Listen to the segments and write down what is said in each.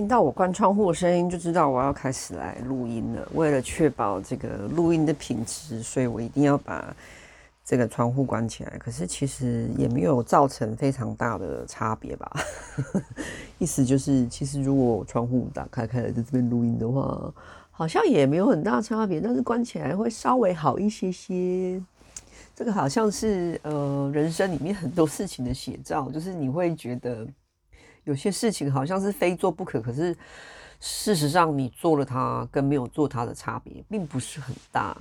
聽到我關窗戶的聲音，就知道我要開始來錄音了。為了確保這個錄音的品質，所以我一定要把這個窗戶關起來。可是其實也沒有造成非常大的差別吧？ 意思就是，其實如果我窗戶打開開來在這邊錄音的話，好像也沒有很大差別。但是關起來會稍微好一些些。這個好像是呃，人生裡面很多事情的寫照，就是你會覺得。有些事情好像是非做不可，可是事實上，你做了它跟沒有做它的差別並不是很大。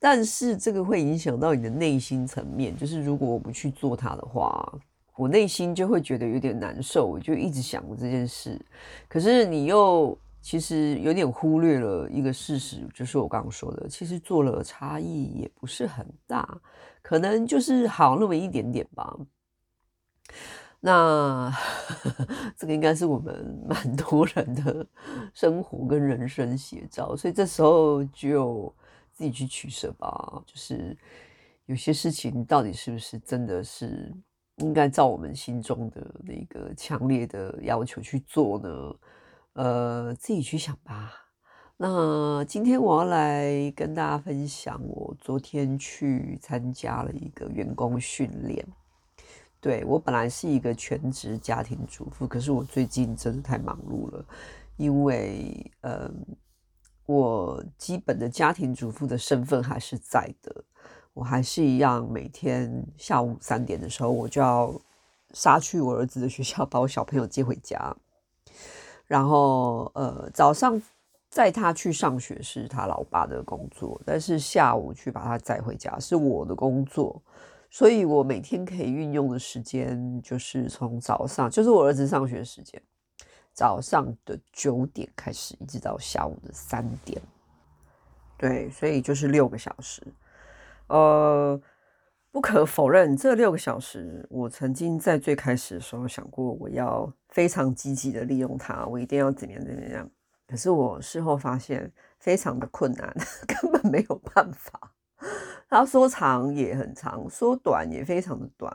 但是這個會影響到你的內心層面，就是如果我不去做它的話，我內心就會覺得有點難受，我就一直想這件事。可是你又其實有點忽略了一個事實，就是我剛剛說的，其實做了差異也不是很大，可能就是好那麼一點點吧。那呵呵，這個應該是我們蠻多人的生活跟人生寫照，所以這時候就自己去取捨吧。就是有些事情到底是不是真的是應該照我們心中的那個強烈的要求去做呢？呃，自己去想吧。那今天我要來跟大家分享，我昨天去參加了一個員工訓練。對，我本來是一個全職家庭主婦，可是我最近真的太忙碌了，因為，嗯，我基本的家庭主婦的身份還是在的，我還是一樣每天下午三點的時候我就要殺去我兒子的學校把我小朋友接回家，然後呃，嗯，早上載他去上學是他老爸的工作，但是下午去把他載回家是我的工作。所以，我每天可以運用的時間就是從早上，就是我兒子上學時間，早上的九點開始，一直到下午的三點，對，所以就是六個小時。呃，不可否認，這六個小時，我曾經在最開始的時候想過，我要非常積極的利用它，我一定要怎麼樣怎麼樣怎麼樣。可是我事後發現，非常的困難，根本沒有辦法。它說長也很長，說短也非常的短。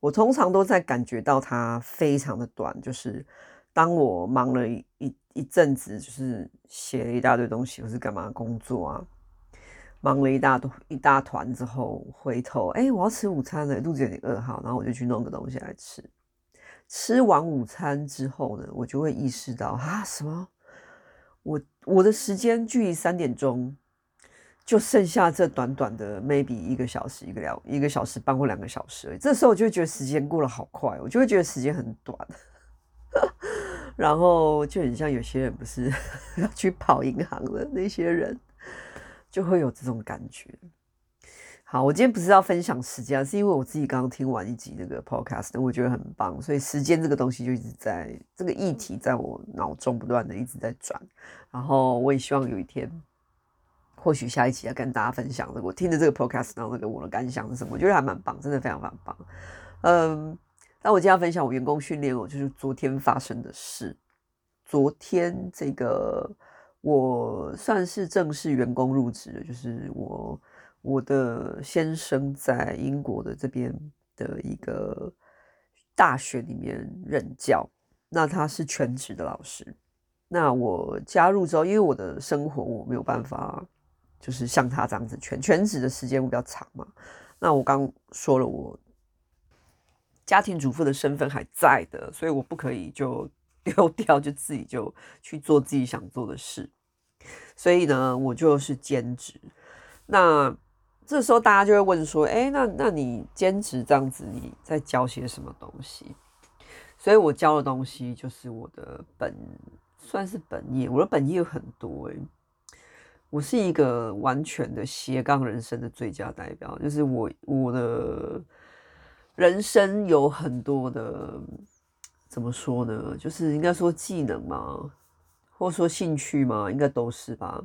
我通常都在感覺到它非常的短，就是當我忙了一一陣子，就是寫了一大堆東西，或是幹嘛工作啊，忙了一大堆一大團之後，回頭哎、欸，我要吃午餐了，肚子有點餓哈，然後我就去弄個東西來吃。吃完午餐之後呢，我就會意識到啊，什麼？我我的時間距離三點鐘。就剩下這短短的，maybe 一個小時一個聊，一個小時半或兩個小時。這時候我就覺得時間過得好快，我就會覺得時間很短，然後就很像有些人不是要去跑銀行的那些人，就會有這種感覺。好，我今天不是要分享時間，是因為我自己剛剛聽完一集那個 podcast，我覺得很棒，所以時間這個東西就一直在這個議題在我腦中不斷的一直在轉，然後我也希望有一天。或許下一集要跟大家分享的，我聽着這個 podcast 然後那個我的感想是什麼？我覺得還蠻棒，真的非常非常棒。嗯，那我今天要分享我員工訓練哦，我就是昨天發生的事。昨天這個我算是正式員工入職，就是我我的先生在英國的這邊的一個大學裡面任教，那他是全職的老師。那我加入之後，因為我的生活我沒有辦法。就是像他這樣子全全職的時間會比較長嘛，那我剛說了，我家庭主婦的身份還在的，所以我不可以就丟掉，就自己就去做自己想做的事。所以呢，我就是兼職。那這時候大家就會問說：“欸，那那你兼職這樣子，你在教些什麼東西？”所以，我教的東西就是我的本，算是本業。我的本業有很多欸我是一個完全的斜槓人生的最佳代表，就是我我的人生有很多的怎麼說呢？就是應該說技能嘛，或者說興趣嘛，應該都是吧。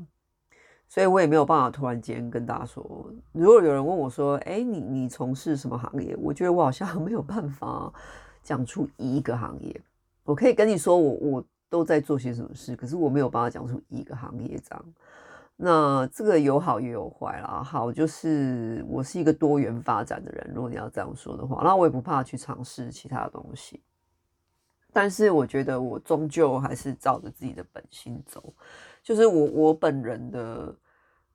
所以我也沒有辦法突然間跟大家說，如果有人問我說：“誒、欸，你你從事什麼行業？”我覺得我好像沒有辦法講出一個行業。我可以跟你說我，我我都在做些什麼事，可是我沒有辦法講出一個行業這樣。那這個有好也有壞啦，好就是我是一個多元發展的人，如果你要這樣說的話，那我也不怕去嘗試其他的東西，但是我覺得我終究還是照着自己的本性走，就是我我本人的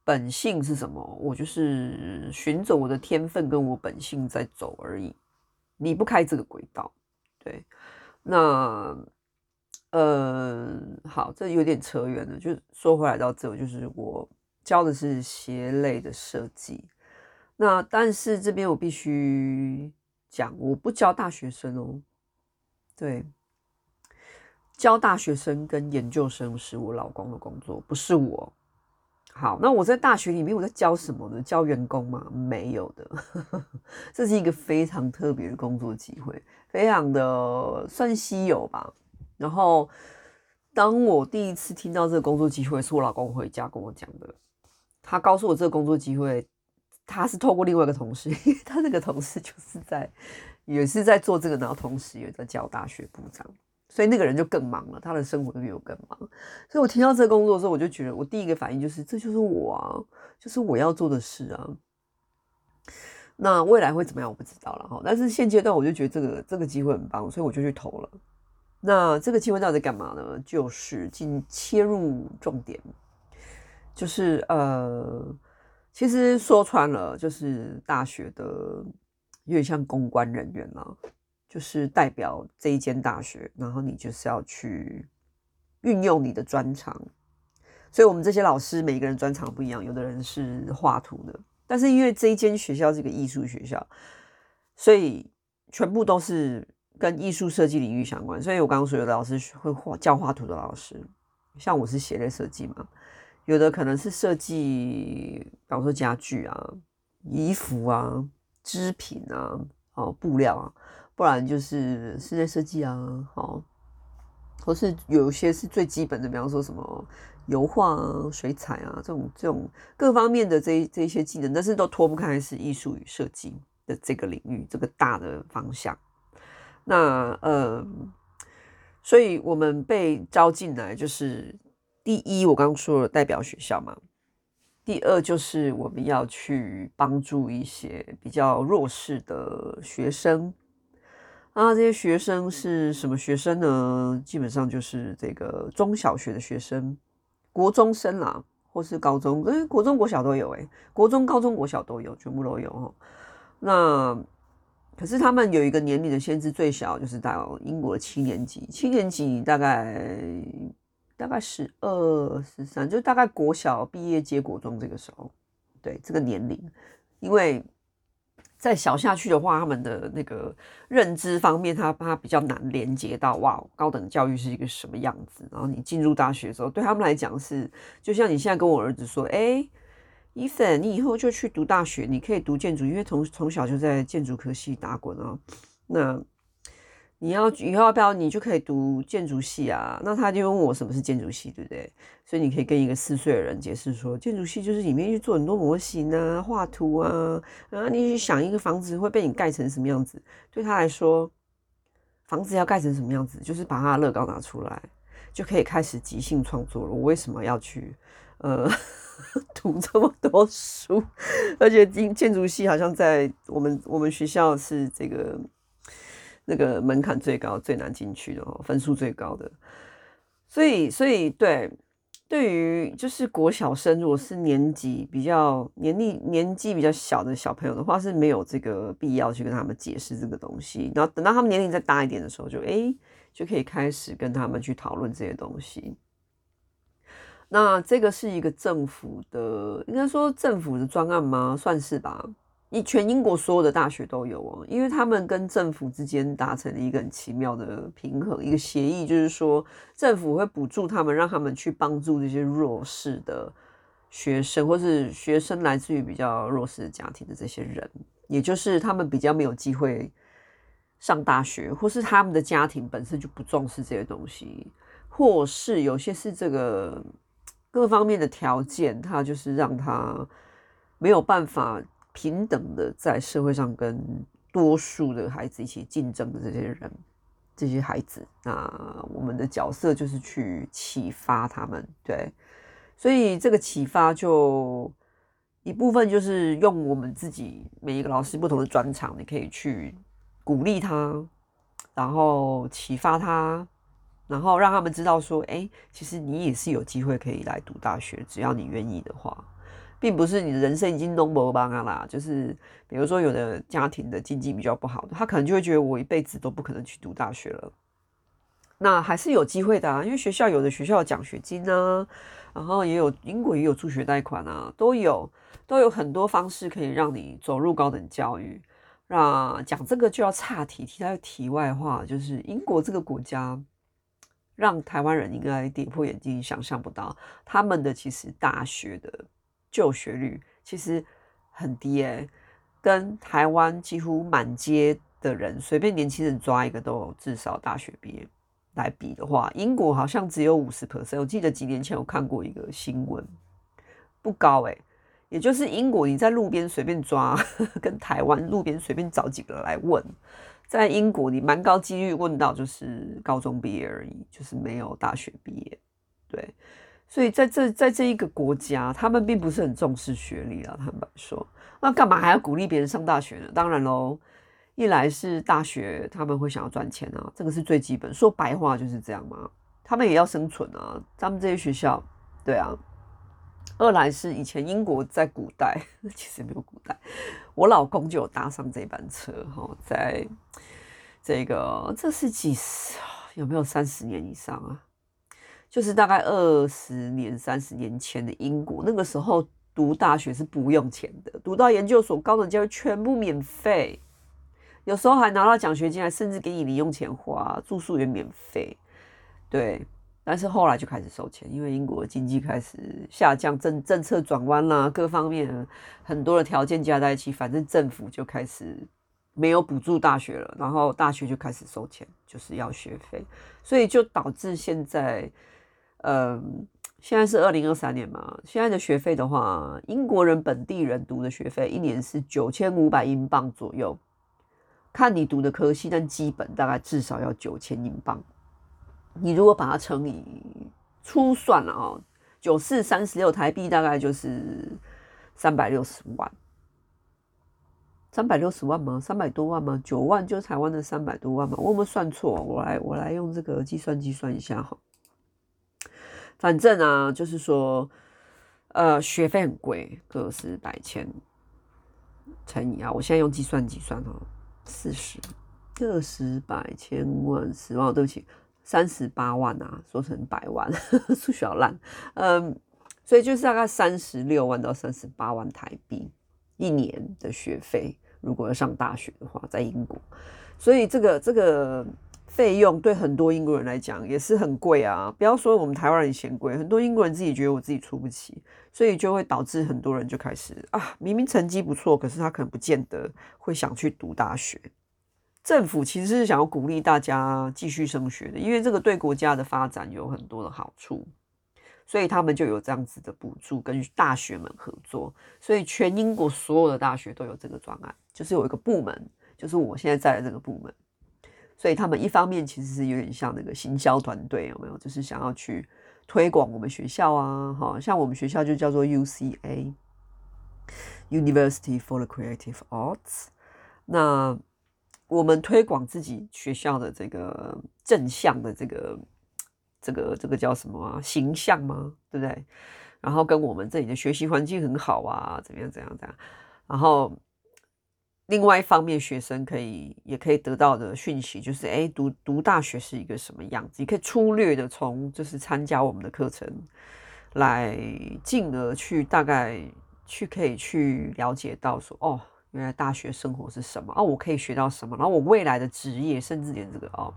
本性是什麼？我就是尋找我的天分跟我本性在走而已，離不開這個軌道。對，那。嗯，好，這有點扯遠了。就說回來到這，就是我教的是鞋類的設計。那但是這邊我必須講，我不教大學生哦。對，教大學生跟研究生是我老公的工作，不是我。好，那我在大學裡面我在教什麼呢？教員工嗎？沒有的。 這是一個非常特別的工作機會，非常的算稀有吧。然後，當我第一次聽到這個工作機會，是我老公回家跟我講的。他告訴我這個工作機會，他是透過另外一個同事，因 為他那個同事就是在也是在做這個，然後同時也在教大學部長，所以那個人就更忙了，他的生活都比我更忙。所以我聽到這個工作的時候，我就覺得我第一個反應就是這就是我啊，就是我要做的事啊。那未來會怎麼樣，我不知道了哈。但是現階段，我就覺得這個這個機會很棒，所以我就去投了。那這個機會到底在幹嘛呢？就是進切入重點，就是呃，其實說穿了，就是大學的有點像公關人員嘛，啊，就是代表這一間大學，然後你就是要去運用你的專長。所以我們這些老師，每一個人專長不一樣，有的人是畫圖的，但是因為這一間學校是一個藝術學校，所以全部都是。跟藝術設計領域相關，所以我剛剛說有的老師會畫教畫圖的老師，像我是鞋類設計嘛，有的可能是設計，比方說家具啊、衣服啊、織品啊、哦布料啊，不然就是室內設計啊，好，或是有些是最基本的，比方說什麼油畫啊、水彩啊，這種這種各方面的這一這一些技能，但是都脫不開是藝術與設計的這個領域，這個大的方向。那呃，所以我們被招進來，就是第一，我剛剛說了代表學校嘛。第二，就是我們要去幫助一些比較弱勢的學生。啊，這些學生是什麼學生呢？基本上就是這個中小學的學生，國中生啦，或是高中，誒、欸、國中、國小都有，欸，哎，國中、高中、國小都有，全部都有哦。那。可是他們有一個年齡的限制，最小就是到英國七年級，七年級大概大概十二十三，就大概國小畢業接國中這個時候，對這個年齡，因為再小下去的話，他們的那個認知方面，他他比較難連接到哇，高等教育是一個什麼樣子。然後你進入大學的時候，對他們來講是，就像你現在跟我兒子說，誒、欸伊粉，你以後就去讀大學，你可以讀建築，因為從從小就在建築科系打滾哦。那你要以後要不要，你就可以讀建築系啊？那他就問我什麼是建築系，對不對？所以你可以跟一個四歲的人解釋說，建築系就是裡面去做很多模型啊、畫圖啊，然後你去想一個房子會被你蓋成什麼樣子？對他來說，房子要蓋成什麼樣子，就是把他的樂高拿出來，就可以開始即興創作了。我為什麼要去？呃。讀這麼多書，而且建築系好像在我們我們學校是這個那個門檻最高最難進去的哦，分數最高的。所以所以對對於就是國小生，如果是年紀比較年齡年紀比較小的小朋友的話，是沒有這個必要去跟他們解釋這個東西。然後等到他們年齡再大一點的時候就，欸，就可以開始跟他們去討論這些東西。那這個是一個政府的，應該說政府的專案嗎？算是吧。你全英國所有的大學都有啊，因為他們跟政府之間達成了一個很奇妙的平衡，一個協議，就是說政府會補助他們，讓他們去幫助這些弱勢的學生，或是學生來自於比較弱勢的家庭的這些人，也就是他們比較沒有機會上大學，或是他們的家庭本身就不重視這些東西，或是有些是這個。各方面的條件，他就是讓他沒有辦法平等的在社會上跟多數的孩子一起競爭的這些人、這些孩子。那我們的角色就是去啟發他們，對。所以這個啟發就一部分就是用我們自己每一個老師不同的專長，你可以去鼓勵他，然後啟發他。然後讓他們知道說，哎、欸，其實你也是有機會可以來讀大學，只要你願意的話，並不是你的人生已經 no more n 啦。就是比如說，有的家庭的經濟比較不好，他可能就會覺得我一輩子都不可能去讀大學了。那還是有機會的啊，因為學校有的學校有獎學金啊，然後也有英國也有助學貸款啊，都有都有很多方式可以讓你走入高等教育。那講這個就要岔題，提一個題外話，就是英國這個國家，讓台灣人應該跌破眼鏡，想象不到他們的其實大學的就學率其實很低，欸、跟台灣幾乎滿街的人隨便年輕人抓一個都有至少大學畢業來比的話，英國好像只有五十 percent。我記得幾年前有看過一個新聞，不高，欸、也就是英國你在路邊隨便抓， 跟台灣路邊隨便找幾個來問。在英國，你蠻高幾率問到就是高中畢業而已，就是沒有大學畢業。對，所以在這，在這一個國家，他們並不是很重視學歷啊。他們說，那幹嘛還要鼓勵別人上大學呢？當然嘍，一來是大學他們會想要賺錢啊，這個是最基本。說白話就是這樣嘛，啊，他們也要生存啊。他們這些學校，對啊。二來是以前英國在古代，其實沒有古代。我老公就有搭上這班車哈，在這個，這是幾十，有沒有三十年以上啊？就是大概二十年、三十年前的英國，那個時候讀大學是不用錢的，讀到研究所、高等教育全部免費，有時候還拿到獎學金，還甚至給你零用錢花，住宿也免費，對。但是後來就開始收錢，因為英國的經濟開始下降，政政策轉彎啦，各方面很多的條件加在一起，反正政府就開始沒有補助大學了，然後大學就開始收錢，就是要學費，所以就導致現在，嗯、呃，現在是二零二三年嘛，現在的學費的話，英國人本地人讀的學費一年是九千五百英鎊左右，看你讀的科系，但基本大概至少要九千英鎊。你如果把它乘以初算了、哦、啊，九四三十六台幣大概就是三百六十萬，三百六十萬嗎？三百多萬嗎？九萬就是台灣的三百多萬嘛，我有沒有算錯？我來我來用這個計算機算一下哈。反正啊，就是說，呃，學費很貴，個十百千乘以啊，我現在用計算機算哈、哦，四十個十百千萬十萬，對不起。三十八萬啊，說成百萬，呵呵，數學好爛，嗯，所以就是大概三十六萬到三十八萬台幣一年的學費，如果要上大學的話，在英國，所以這個這個費用對很多英國人來講也是很貴啊。不要說我們台灣人嫌貴，很多英國人自己覺得我自己出不起，所以就會導致很多人就開始啊，明明成績不錯，可是他可能不見得會想去讀大學。政府其實是想要鼓勵大家繼續升學的，因為這個對國家的發展有很多的好處，所以他們就有這樣子的補助跟大學們合作。所以全英國所有的大學都有這個專案，就是有一個部門，就是我現在在的這個部門。所以他們一方面其實是有點像那個行銷團隊，有沒有？就是想要去推廣我們學校啊，哈，像我們學校就叫做 UCA，University for the Creative Arts，那。我們推廣自己學校的這個正向的這個這個這個叫什麼啊，形象嗎？對不對？然後跟我們這裡的學習環境很好啊，怎麼樣？怎麼樣？怎麼樣？然後另外一方面，學生可以也可以得到的訊息就是，誒，讀讀大學是一個什麼樣子？你可以粗略的從就是參加我們的課程來，進而去大概去可以去了解到說，哦。原來大學生活是什麼啊？哦，我可以學到什麼？然後我未來的職業，甚至連這個啊，哦，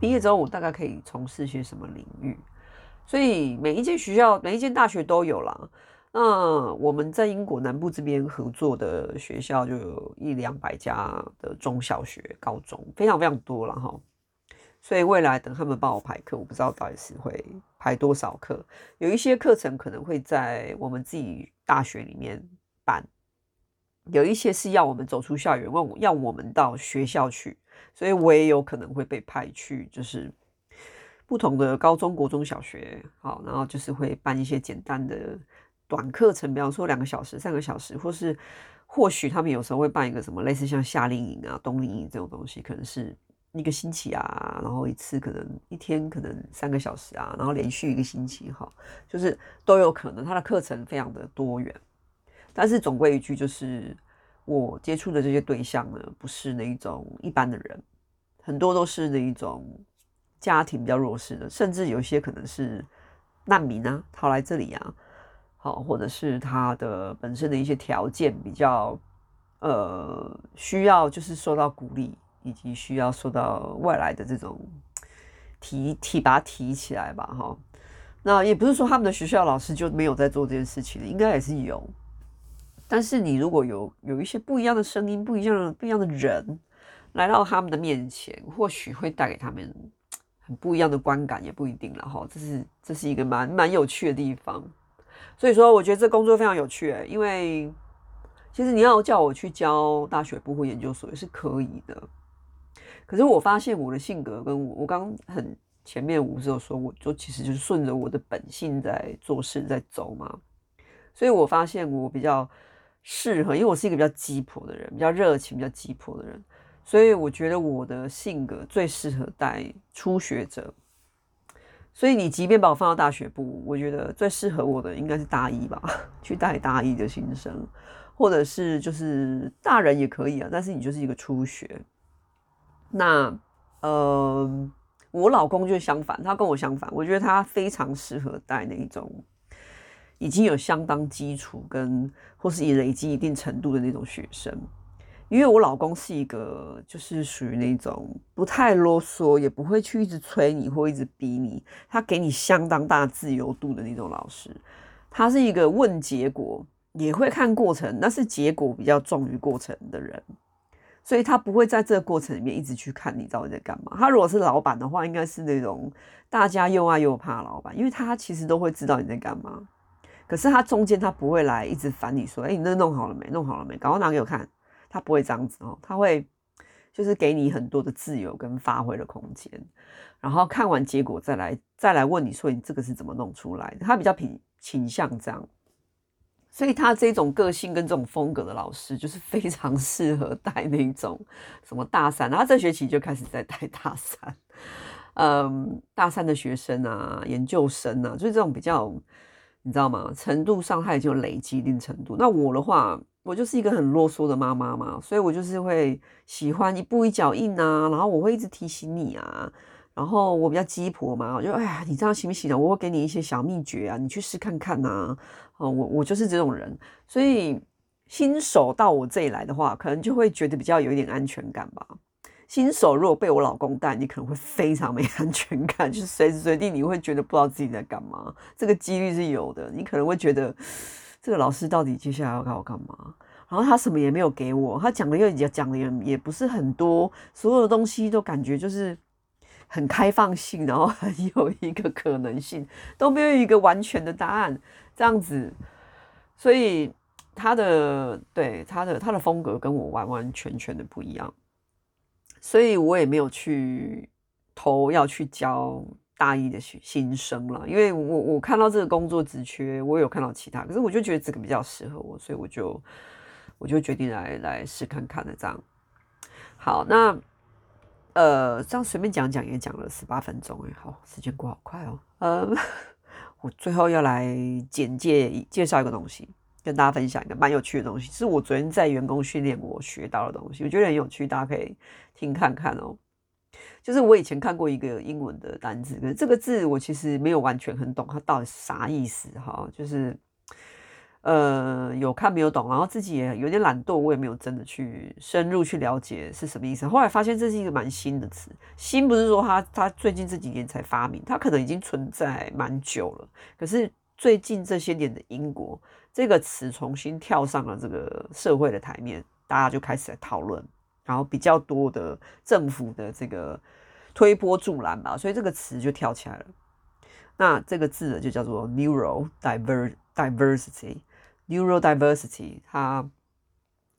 畢業之後我大概可以從事些什麼領域？所以每一間學校，每一間大學都有啦。那，嗯，我們在英國南部這邊合作的學校，就有一兩百家的中小學，高中，非常非常多啦哈。所以未來等他們幫我排課，我不知道到底是會排多少課。有一些課程可能會在我們自己大學裡面辦。有一些是要我們走出校園，要要我們到學校去，所以我也有可能會被派去，就是不同的高中、國中小學。好，然後就是會辦一些簡單的短課程，比方說兩個小時、三個小時，或是或許他們有時候會辦一個什麼類似像夏令營啊、冬令營這種東西，可能是一個星期啊，然後一次可能一天可能三個小時啊，然後連續一個星期，哈，就是都有可能。他的課程非常的多元。但是總歸一句，就是我接觸的這些對象呢，不是那一種一般的人，很多都是那一種家庭比較弱勢的，甚至有一些可能是難民啊，逃來這裡啊，好，或者是他的本身的一些條件比較呃，需要就是受到鼓勵，以及需要受到外來的這種提提拔提起來吧，哈。那也不是說他們的學校老師就沒有在做這件事情的，應該也是有。但是你如果有有一些不一樣的聲音、不一樣的不一樣的人來到他們的面前，或許會帶給他們很不一樣的觀感，也不一定了哈。這是這是一個蠻蠻有趣的地方，所以說我覺得這工作非常有趣、欸、因為其實你要叫我去教大學部或研究所也是可以的，可是我發現我的性格跟我我剛很前面我不是有說，我就其實就是順着我的本性在做事在走嘛，所以我發現我比較。適合，因為我是一個比較雞婆的人，比較熱情，比較雞婆的人，所以我覺得我的性格最適合帶初學者。所以你即便把我放到大學部，我覺得最適合我的應該是大一吧，去帶大一的新生，或者是就是大人也可以啊。但是你就是一個初學。那嗯、呃、我老公就相反，他跟我相反，我覺得他非常適合帶那一種。已經有相當基礎跟、或是已累積一定程度的那種學生，因為我老公是一個就是屬於那種不太囉嗦，也不會去一直催你或一直逼你，他給你相當大自由度的那種老師。他是一個問結果，也會看過程，那是結果比較重於過程的人，所以他不會在這個過程裡面一直去看你到底在幹嘛。他如果是老闆的話，應該是那種大家又愛又怕老闆，因為他其實都會知道你在幹嘛。可是他中間他不會來一直煩你，說，哎、欸，你那弄好了沒？弄好了沒？趕快拿給我看。他不會這樣子哦、喔，他會就是給你很多的自由跟發揮的空間，然後看完結果再來再來問你說，你這個是怎麼弄出來的？他比較偏傾向這樣，所以他這種個性跟這種風格的老師就是非常適合帶那種什麼大三，然後他這學期就開始在帶大三，嗯，大三的學生啊，研究生啊，就是這種比較，你知道嗎？程度上，害就累積一定程度。那我的話，我就是一個很囉嗦的媽媽嘛，所以我就是會喜歡一步一腳印啊，然後我會一直提醒你啊，然後我比較雞婆嘛，我就哎呀，你這樣行不行啊？我會給你一些小秘訣啊，你去試看看吶。哦我我就是這種人，所以新手到我這裡來的話，可能就會覺得比較有一點安全感吧。新手如果被我老公帶，你可能會非常沒安全感，就是隨時隨地你會覺得不知道自己在幹嘛，這個幾率是有的。你可能會覺得這個老師到底接下來要幹我幹嘛？然後他什麼也沒有給我，他講的又講的也也不是很多，所有的東西都感覺就是很開放性，然後很有一個可能性都沒有一個完全的答案，這樣子。所以他的對他的他的風格跟我完完全全的不一樣。所以，我也沒有去投要去教大一的新生了，因為我我看到這個工作職缺，我也有看到其他，可是我就覺得這個比較適合我，所以我就我就決定來來試看看的這樣。好，那呃，這樣隨便講講也講了十八分鐘，哎，好，時間過好快哦。嗯，我最後要來簡介介紹一個東西。跟大家分享一個蠻有趣的東西，是我昨天在員工訓練我學到的東西，我覺得很有趣，大家可以聽看看哦。就是我以前看過一個英文的單字，可是這個字我其實沒有完全很懂它到底是啥意思哈。就是呃有看沒有懂，然後自己也有點懶惰，我也沒有真的去深入去了解是什麼意思。後來發現這是一個蠻新的詞，新不是說它它最近這幾年才發明，它可能已經存在蠻久了，可是最近這些年的英國。這個詞重新跳上了這個社會的台面，大家就開始來討論，然後比較多的政府的這個推波助瀾吧，所以這個詞就跳起來了。那這個字呢，就叫做 neuro Diver diversity。neuro diversity，它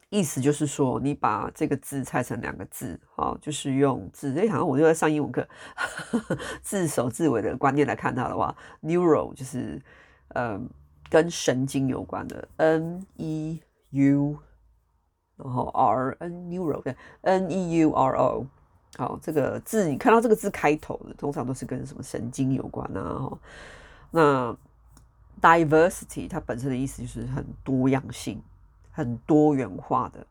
意思就是說，你把這個字拆成兩個字，哈、哦，就是用字。因、欸、以好像我就在上英文課，呵呵字首字尾的觀念來看它的話，neuro 就是，嗯、呃。跟神經有關的，n e u，然後 r n neuro 對，n e u r o，好，這個字你看到這個字開頭的，通常都是跟什麼神經有關啊？那 diversity 它本身的意思就是很多樣性、很多元化的，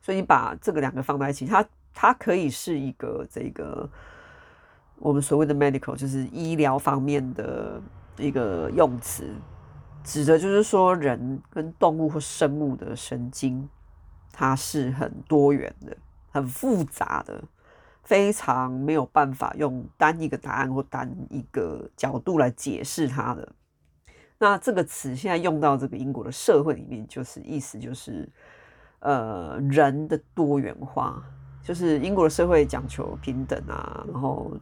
所以你把這個兩個放在一起，它它可以是一個這個我們所謂的 medical 就是醫療方面的一個用詞。指的就是說，人跟動物或生物的神經，它是很多元的、很複雜的，非常沒有辦法用單一個答案或單一個角度來解釋它的。那這個詞現在用到這個英國的社會裡面，就是意思就是，呃，人的多元化，就是英國的社會講求平等啊，然後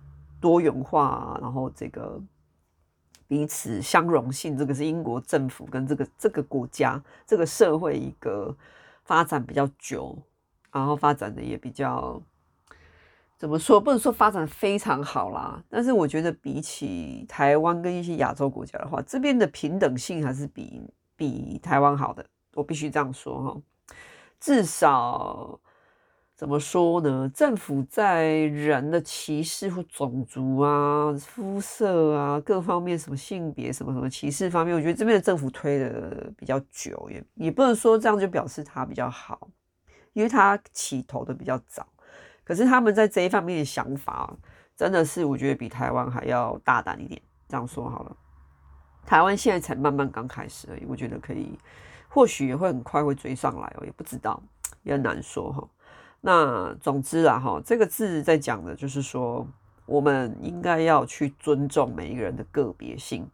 多元化啊，然後這個。彼此相容性，這個是英國政府跟這個這個國家、這個社會一個發展比較久，然後發展的也比較，怎麼說？不能說發展非常好啦，但是我覺得比起台灣跟一些亞洲國家的話，這邊的平等性還是比比台灣好的。我必須這樣說齁，至少。怎麼說呢？政府在人的歧視或種族啊、膚色啊各方面，什麼性別、什麼什麼歧視方面，我覺得這邊的政府推的比較久，也也不能說這樣就表示他比較好，因為他起頭的比較早。可是他們在這一方面的想法，真的是我覺得比台灣還要大膽一點。這樣說好了，台灣現在才慢慢剛開始而已。我覺得可以，或許也會很快會追上來喔，我也不知道，也很難說哈。那總之啊，齁，這個字在講的就是說，我們應該要去尊重每一個人的個別性。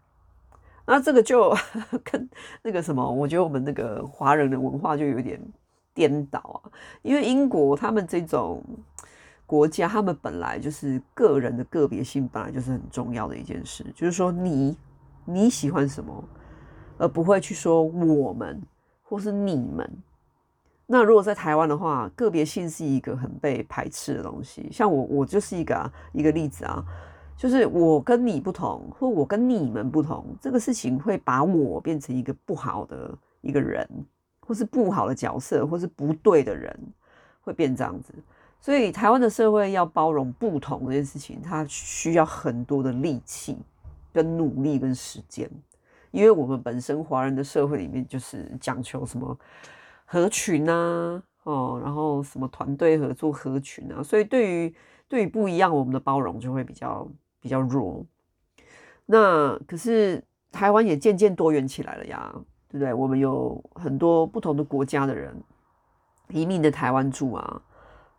那這個就跟那個什麼，我覺得我們那個華人的文化就有點顛倒啊。因為英國他們這種國家，他們本來就是個人的個別性本來就是很重要的一件事，就是說你你喜歡什麼，而不會去說我們或是你們。那如果在台灣的話，個別性是一個很被排斥的東西。像我，我就是一個、啊、一個例子啊,就是我跟你不同，或我跟你們不同，這個事情會把我變成一個不好的一個人，或是不好的角色，或是不對的人，會變這樣子。所以，台灣的社會要包容不同這件事情，它需要很多的力氣、跟努力跟時間。因為我們本身華人的社會裡面，就是講求什麼。合群啊，哦，然後什麼團隊合作、合群啊，所以對於對於不一樣，我們的包容就會比較比較弱。那可是台灣也漸漸多元起來了呀，對不對？我們有很多不同的國家的人移民的台灣住啊。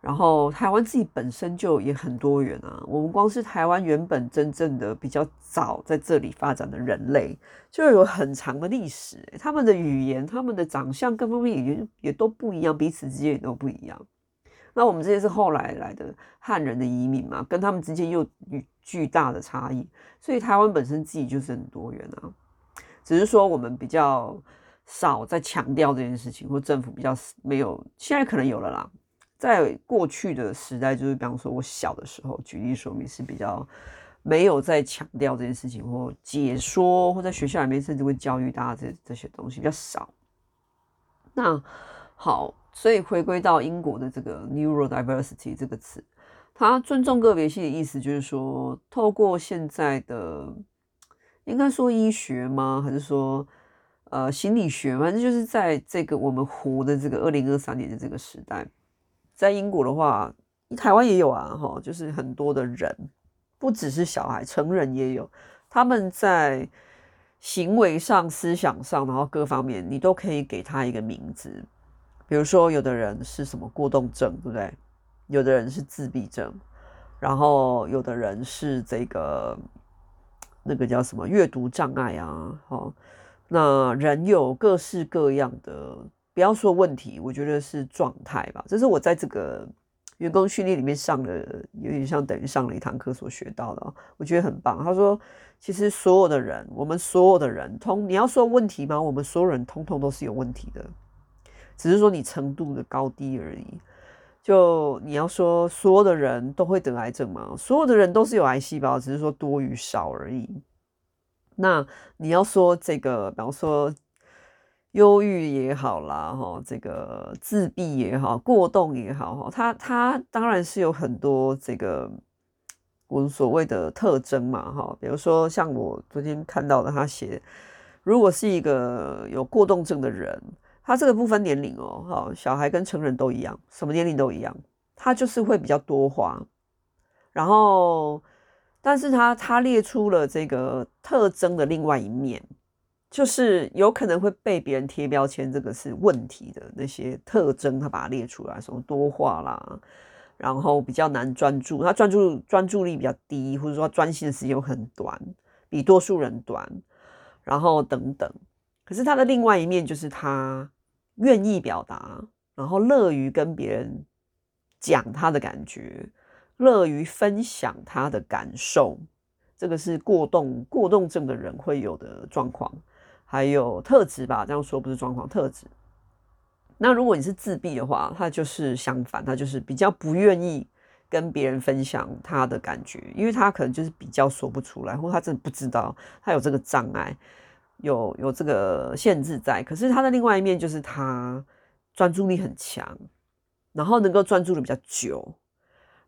然後台灣自己本身就也很多元啊。我們光是台灣原本真正的比較早在這裡發展的人類，就有很長的歷史，欸。他們的語言、他們的長相各方面也也都不一樣，彼此之間也都不一樣。那我們這些是後來來的漢人的移民嘛，跟他們之間又有巨大的差異。所以台灣本身自己就是很多元啊，只是說我們比較少在強調這件事情，或政府比較沒有，現在可能有了啦。在過去的時代，就是比方說，我小的時候，舉例說明是比較沒有在強調這件事情，或解說，或在學校裡面甚至會教育大家這這些東西比較少。那好，所以回歸到英國的這個 neurodiversity 這個詞，它尊重個別性的意思就是說，透過現在的應該說醫學嗎，還是說呃心理學，反正就是在這個我們活的這個二零二三年的這個時代。在英國的話，台灣也有啊，齁，就是很多的人，不只是小孩，成人也有，他們在行為上、思想上，然後各方面，你都可以給他一個名字，比如說有的人是什麼過動症，對不對？有的人是自閉症，然後有的人是這個那個叫什麼閱讀障礙啊，齁，那人有各式各樣的。不要說問題，我覺得是狀態吧。這是我在這個員工訓練裡面上的，有點像等於上了一堂課所學到的，我覺得很棒。他說，其實所有的人，我們所有的人，通，你要說問題嗎？我們所有人通通都是有問題的，只是說你程度的高低而已。就你要說所有的人都會得癌症嗎？所有的人都是有癌細胞，只是說多與少而已。那你要說這個，比方說。憂鬱也好啦，哈、哦，這個自閉也好，過動也好，哈，他他當然是有很多這個我們所謂的特徵嘛，哈、哦，比如說像我昨天看到的，他寫，如果是一個有過動症的人，他這個不分年齡哦，哦，小孩跟成人都一樣，什麼年齡都一樣，他就是會比較多話，然後，但是他他列出了這個特徵的另外一面。就是有可能會被別人貼標籤，這個是問題的那些特徵，他把它列出來，什麼多話啦，然後比較難專注，他專注，專注力比較低，或者說專心的時間很短，比多數人短，然後等等。可是他的另外一面就是他願意表達，然後樂於跟別人講他的感覺，樂於分享他的感受，這個是過動，過動症的人會有的狀況。還有特質吧，這樣說，不是狀況，特質。那如果你是自閉的話，他就是相反，他就是比較不願意跟別人分享他的感覺，因為他可能就是比較說不出來，或者他真的不知道他有這個障礙，有有這個限制在。可是他的另外一面就是他專注力很強，然後能夠專注的比較久，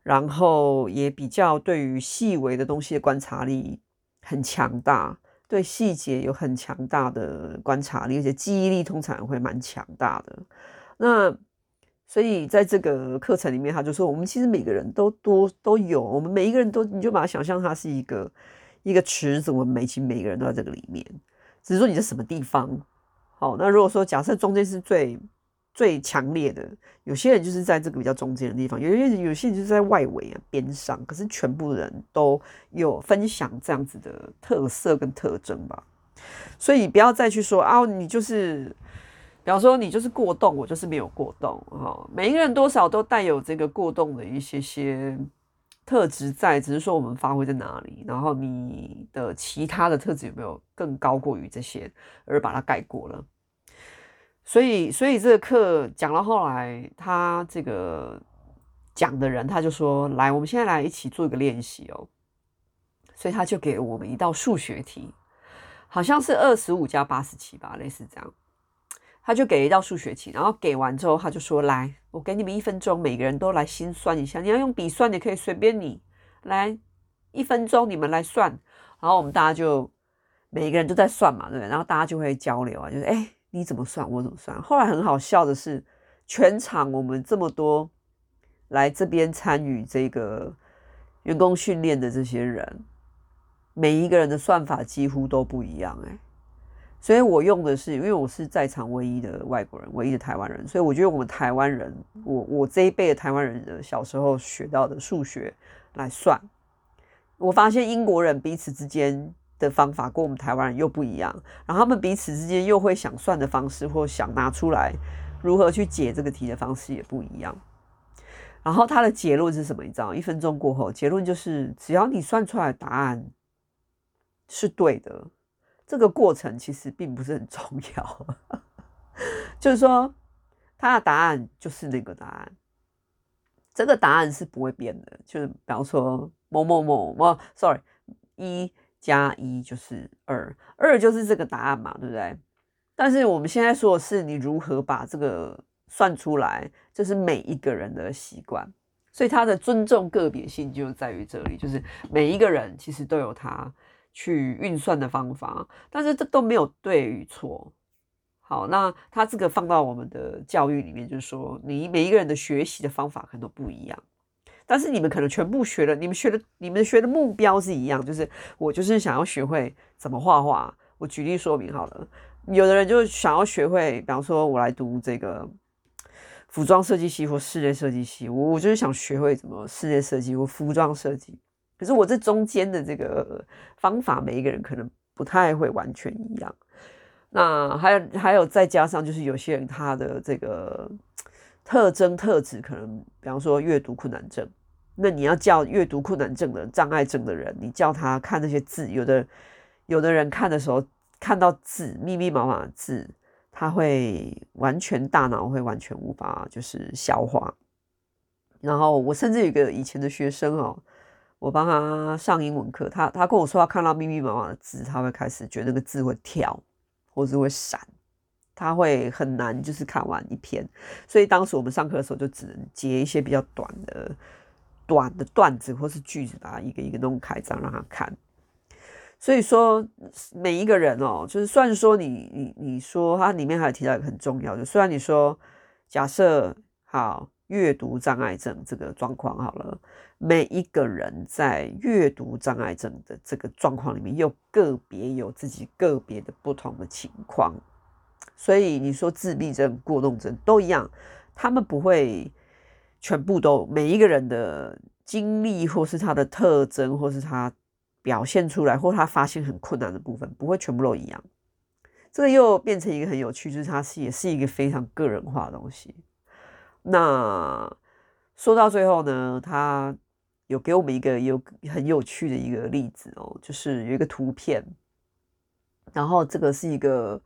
然後也比較對於細微的東西的觀察力很強大。對細節有很強大的觀察力，而且記憶力通常會蠻強大的。那所以在這個課程裡面，他就說我們其實每個人都都都有，我們每一個人都，你就把它想象它是一個一個池子，我們每期每一個人都在這個裡面，只是說你在什麼地方。好，那如果說假設中間是最。最強烈的，有些人就是在這個比較中間的地方，有些人有些人就是在外圍啊邊上。可是全部人都有分享這樣子的特色跟特徵吧，所以不要再去說啊，你就是，比方說你就是過動，我就是沒有過動哈、哦。每一個人多少都帶有這個過動的一些些特質在，只是說我們發揮在哪裡，然後你的其他的特質有沒有更高過於這些，而把它蓋過了。所以，所以這個課講到後來，他這個講的人他就說：“來，我們現在來一起做一個練習哦。”所以他就給我們一道數學題，好像是二十五加八十七吧，類似這樣。他就給一道數學題，然後給完之後他就說：“來，我給你們一分鐘，每個人都來心算一下。你要用筆算，你可以隨便你來一分鐘，你們來算。”然後我們大家就每個人都在算嘛，對不對？然後大家就會交流啊，就是誒、欸你怎麼算，我怎麼算？後來很好笑的是，全場我們這麼多來這邊參與這個員工訓練的這些人，每一個人的算法幾乎都不一樣，欸。哎，所以我用的是，因為我是在場唯一的外國人，唯一的台灣人，所以我覺得我們台灣人，我我這一輩的台灣人的小時候學到的數學來算，我發現英國人彼此之間的方法跟我們台灣人又不一樣，然後他們彼此之間又會想算的方式，或想拿出來如何去解這個題的方式也不一樣。然後他的結論是什麼？你知道，一分鐘過後，結論就是只要你算出來答案是對的，這個過程其實並不是很重要。就是說，他的答案就是那個答案，這個答案是不會變的。就是，比方說某某某，某，不，sorry，一。加一就是二，二就是這個答案嘛，對不對？但是我們現在說的是你如何把這個算出來，這是每一個人的習慣，所以他的尊重個別性就在於這裡，就是每一個人其實都有他去運算的方法，但是這都沒有對與錯。好，那他這個放到我們的教育裡面，就是說你每一個人的學習的方法可能都不一樣。但是你們可能全部學了，你們學的，你們學的目標是一樣，就是我就是想要學會怎麼畫畫。我舉例說明好了，有的人就想要學會，比方說我來讀這個服裝設計系或室內設計系，我我就是想學會怎麼室內設計或服裝設計。可是我這中間的這個方法，每一個人可能不太會完全一樣。那還有還有再加上就是有些人他的這個特徵特質可能，比方說閱讀困難症。那你要叫閱讀困難症的障礙症的人，你叫他看那些字，有的有的人看的時候看到字密密麻麻的字，他會完全大腦會完全無法就是消化。然後我甚至有個以前的學生哦，我幫他上英文課，他他跟我說他看到密密麻麻的字，他會開始覺得那個字會跳，或是會閃，他會很難就是看完一篇。所以當時我們上課的時候就只能截一些比較短的。短的段子或是句子，啊，一個一個弄開這樣讓他看。所以說，每一個人哦、喔，就是雖然說你你你說，他裡面還有提到一個很重要的，就雖然你說假設好閱讀障礙症這個狀況好了，每一個人在閱讀障礙症的這個狀況裡面，又個別有自己個別的不同的情況。所以你說自閉症、過動症都一樣，他們不會。全部都每一個人的經歷，或是他的特徵，或是他表現出來，或他發現很困難的部分，不會全部都一樣。這個又變成一個很有趣，就是他是也是一個非常個人化的東西。那說到最後呢，他有給我們一個有很有趣的一個例子哦、喔，就是有一個圖片，然後這個是一個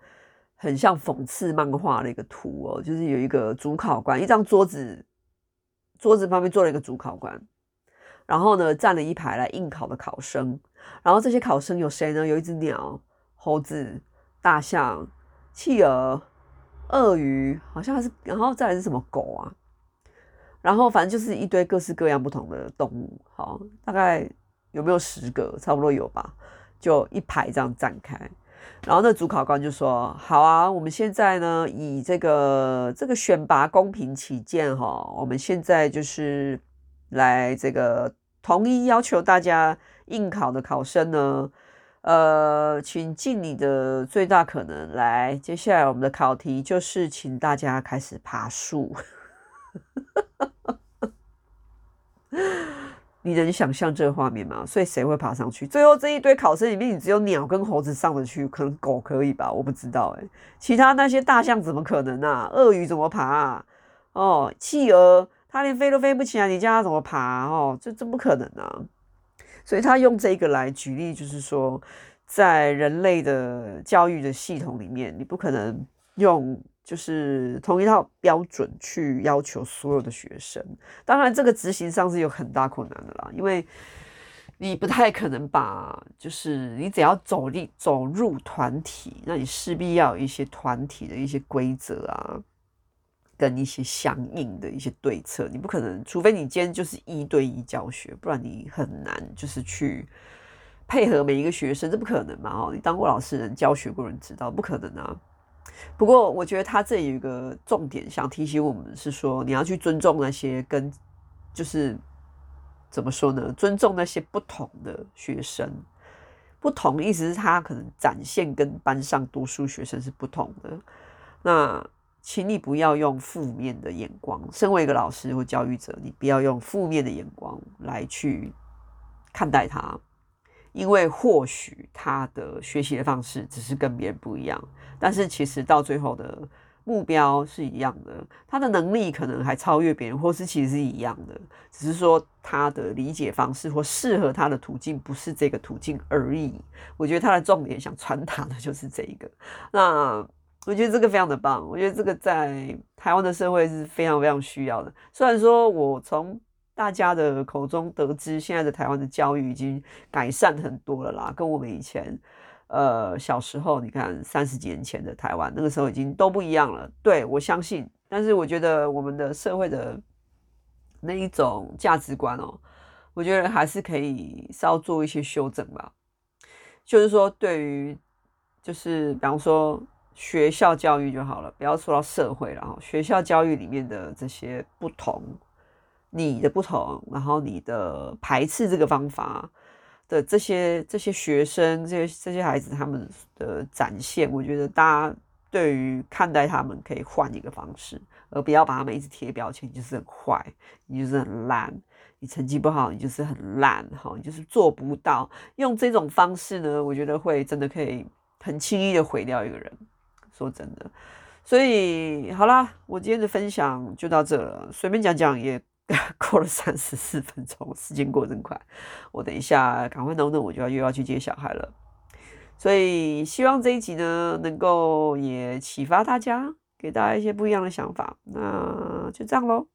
很像諷刺漫畫的一個圖哦、喔，就是有一個主考官一張桌子。桌子旁邊坐了一個主考官，然後呢，站了一排來應考的考生。然後這些考生有誰呢？有一隻鳥、猴子、大象、企鵝、鱷魚，好像還是然後再來是什麼狗啊？然後反正就是一堆各式各樣不同的動物。好，大概有沒有十個？差不多有吧。就一排這樣站開。然後那主考官就說：“好啊，我們現在呢，以這個這個選拔公平起見，哦，哈，我們現在就是來這個統一要求大家應考的考生呢，呃，請盡你的最大可能來。接下來我們的考題就是，請大家開始爬樹。 ”你能想象這畫面嗎？所以誰會爬上去？最後這一堆考生裡面，你只有鳥跟猴子上得去，可能狗可以吧？我不知道誒，欸，其他那些大象怎麼可能啊？鱷魚怎麼爬啊？哦，企鵝它連飛都飛不起來，你叫它怎麼爬啊？哦，這這不可能啊！所以他用這個來舉例，就是說，在人類的教育的系統裡面，你不可能用。就是同一套標準去要求所有的學生，當然這個執行上是有很大困難的啦，因為你不太可能把，就是你只要走力走入團體，那你勢必要有一些團體的一些規則啊，跟一些相應的一些對策，你不可能，除非你今天就是一對一教學，不然你很難就是去配合每一個學生，這不可能嘛。喔，你當過老師，人教學過人知道，不可能啊。不過，我覺得他這有一個重點想提醒我們，是說你要去尊重那些跟，就是怎麼說呢？尊重那些不同的學生。不同意思是，他可能展現跟班上多數學生是不同的。那請你不要用負面的眼光，身為一個老師或教育者，你不要用負面的眼光來去看待他。因為或許他的學習的方式只是跟別人不一樣，但是其實到最後的目標是一樣的。他的能力可能還超越別人，或是其實是一樣的，只是說他的理解方式或適合他的途徑不是這個途徑而已。我覺得他的重點想傳達的就是這一個。那我覺得這個非常的棒，我覺得這個在台灣的社會是非常非常需要的。雖然說我從大家的口中得知，現在的台灣的教育已經改善很多了啦，跟我們以前，呃，小時候，你看三十幾年前的台灣，那個時候已經都不一樣了。對，我相信，但是我覺得我們的社會的那一種價值觀哦，我覺得還是可以稍做一些修正吧。就是說，對於，就是比方說學校教育就好了，不要說到社會了哈。學校教育裡面的這些不同。你的不同，然後你的排斥這個方法的這些這些學生，這些這些孩子他們的展現，我覺得大家對於看待他們可以換一個方式，而不要把他們一直貼標籤，你就是很壞，你就是很爛，你成績不好，你就是很爛，哈，你就是做不到。用這種方式呢，我覺得會真的可以很輕易的毀掉一個人。說真的，所以好啦，我今天的分享就到這了。隨便講講也。過了三十四分鐘，時間過得真快。我等一下趕快弄弄，我就要又要去接小孩了。所以希望這一集呢，能夠也啟發大家，給大家一些不一樣的想法。那就這樣嘍。